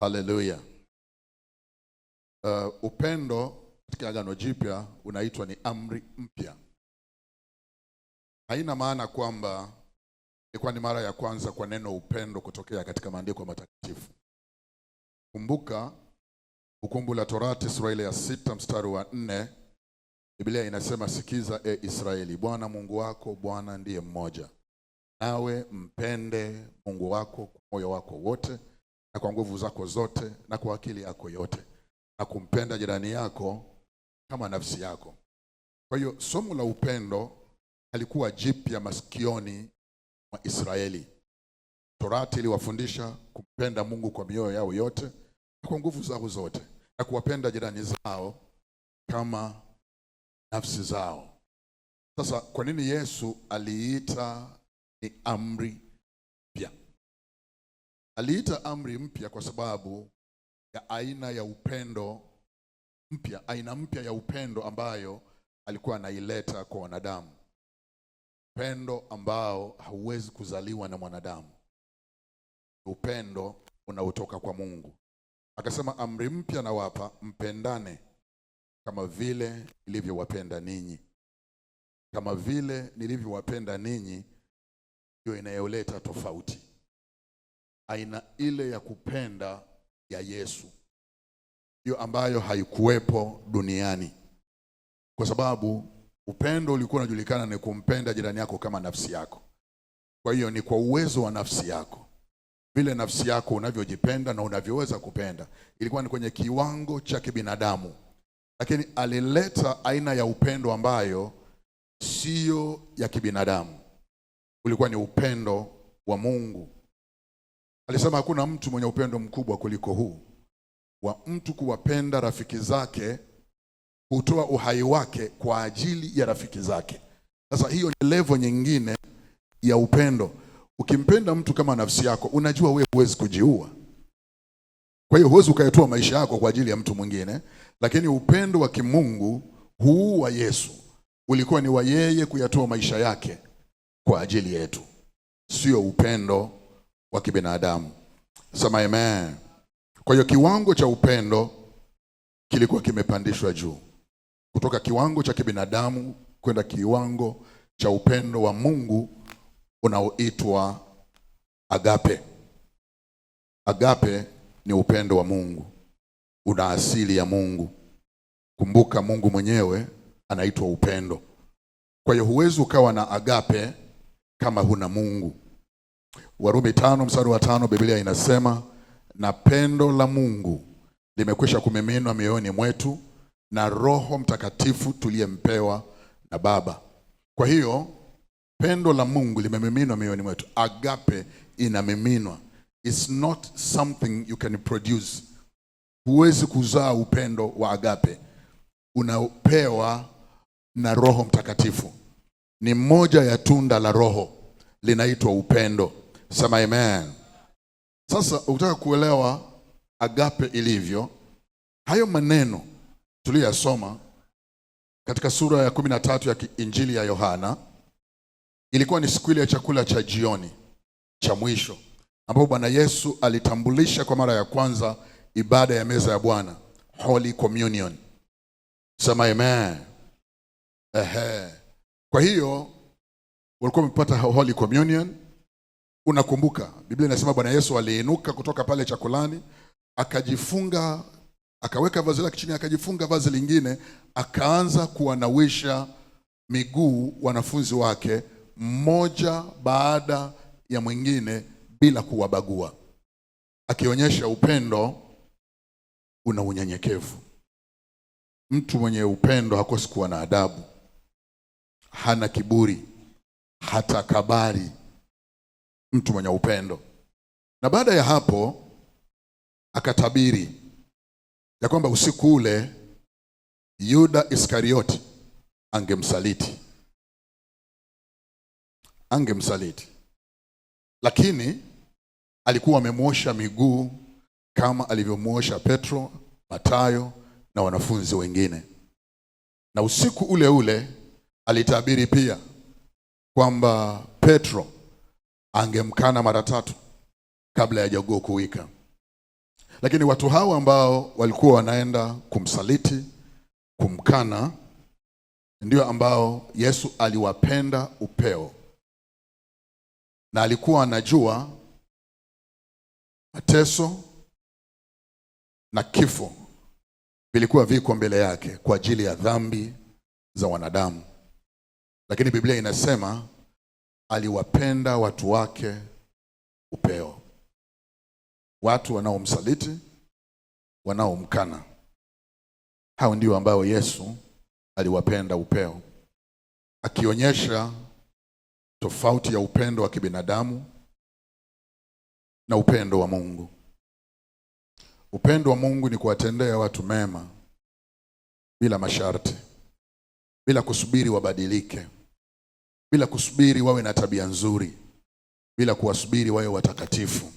Haleluya. Uh, upendo katika Agano Jipya unaitwa ni amri mpya. Haina maana kwamba ilikuwa ni mara ya kwanza kwa neno upendo kutokea katika maandiko matakatifu. Kumbuka hukumbu la Torati sura ile ya sita mstari wa nne Biblia inasema sikiza, e Israeli, Bwana Mungu wako Bwana ndiye mmoja, nawe mpende Mungu wako kwa moyo wako wote na kwa nguvu zako zote na kwa akili yako yote na kumpenda jirani yako kama nafsi yako. Kwa hiyo somo la upendo alikuwa jipya masikioni mwa Israeli. Torati iliwafundisha kumpenda Mungu kwa mioyo yao yote na kwa nguvu zao zote na kuwapenda jirani zao kama nafsi zao. Sasa kwa nini Yesu aliita ni amri Aliita amri mpya kwa sababu ya aina ya upendo mpya, aina mpya ya upendo ambayo alikuwa anaileta kwa wanadamu, upendo ambao hauwezi kuzaliwa na mwanadamu, upendo unaotoka kwa Mungu. Akasema, amri mpya nawapa, mpendane kama vile nilivyowapenda ninyi. Kama vile nilivyowapenda ninyi, hiyo inayoleta tofauti aina ile ya kupenda ya Yesu, hiyo ambayo haikuwepo duniani, kwa sababu upendo ulikuwa unajulikana ni kumpenda jirani yako kama nafsi yako. Kwa hiyo ni kwa uwezo wa nafsi yako, vile nafsi yako unavyojipenda na unavyoweza kupenda, ilikuwa ni kwenye kiwango cha kibinadamu, lakini alileta aina ya upendo ambayo siyo ya kibinadamu, ulikuwa ni upendo wa Mungu. Alisema hakuna mtu mwenye upendo mkubwa kuliko huu wa mtu kuwapenda rafiki zake, hutoa uhai wake kwa ajili ya rafiki zake. Sasa hiyo ni level nyingine ya upendo. Ukimpenda mtu kama nafsi yako, unajua wewe huwezi kujiua. Kwa hiyo huwezi ukayatoa maisha yako kwa ajili ya mtu mwingine, lakini upendo wa kimungu huu wa Yesu ulikuwa ni wa yeye kuyatoa maisha yake kwa ajili yetu, sio upendo wa kibinadamu. Sema amen. Kwa hiyo kiwango cha upendo kilikuwa kimepandishwa juu kutoka kiwango cha kibinadamu kwenda kiwango cha upendo wa Mungu unaoitwa agape. Agape ni upendo wa Mungu, una asili ya Mungu. Kumbuka Mungu mwenyewe anaitwa upendo. Kwa hiyo huwezi ukawa na agape kama huna Mungu. Warumi tano mstari wa tano Biblia inasema na pendo la Mungu limekwisha kumiminwa mioyoni mwetu na Roho Mtakatifu tuliyempewa na Baba. Kwa hiyo pendo la Mungu limemiminwa mioyoni mwetu. Agape inamiminwa. It's not something you can produce. Huwezi kuzaa upendo wa agape, unapewa na Roho Mtakatifu. Ni moja ya tunda la Roho, linaitwa upendo. Sema amen. Sasa ukitaka kuelewa agape ilivyo, hayo maneno tuliyoyasoma katika sura ya kumi na tatu ya Injili ya Yohana, ilikuwa ni siku ile ya chakula cha jioni cha mwisho, ambapo Bwana Yesu alitambulisha kwa mara ya kwanza ibada ya meza ya Bwana, Holy Communion. Sema amen. Ehe, kwa hiyo walikuwa wamepata Holy Communion Unakumbuka Biblia inasema Bwana Yesu aliinuka kutoka pale chakulani, akajifunga, akaweka vazi lake chini, akajifunga vazi lingine, akaanza kuwanawisha miguu wanafunzi wake mmoja baada ya mwingine bila kuwabagua, akionyesha upendo una unyenyekevu. Mtu mwenye upendo hakosi kuwa na adabu, hana kiburi, hata kabari mtu mwenye upendo. Na baada ya hapo akatabiri ya kwamba usiku ule Yuda Iskarioti angemsaliti, angemsaliti, lakini alikuwa amemwosha miguu kama alivyomwosha Petro, Matayo na wanafunzi wengine. Na usiku ule ule alitabiri pia kwamba Petro angemkana mara tatu kabla ya jogoo kuwika. Lakini watu hawa ambao walikuwa wanaenda kumsaliti, kumkana, ndio ambao Yesu aliwapenda upeo, na alikuwa anajua mateso na kifo vilikuwa viko mbele yake kwa ajili ya dhambi za wanadamu, lakini Biblia inasema aliwapenda watu wake upeo, watu wanaomsaliti, wanaomkana, hao ndio ambao Yesu aliwapenda upeo, akionyesha tofauti ya upendo wa kibinadamu na upendo wa Mungu. Upendo wa Mungu ni kuwatendea watu mema bila masharti, bila kusubiri wabadilike bila kusubiri wawe na tabia nzuri, bila kuwasubiri wawe watakatifu,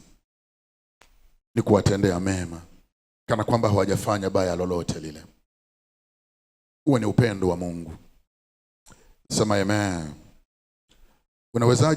ni kuwatendea mema kana kwamba hawajafanya baya lolote lile. Huo ni upendo wa Mungu. Sema amen. Unawezaje?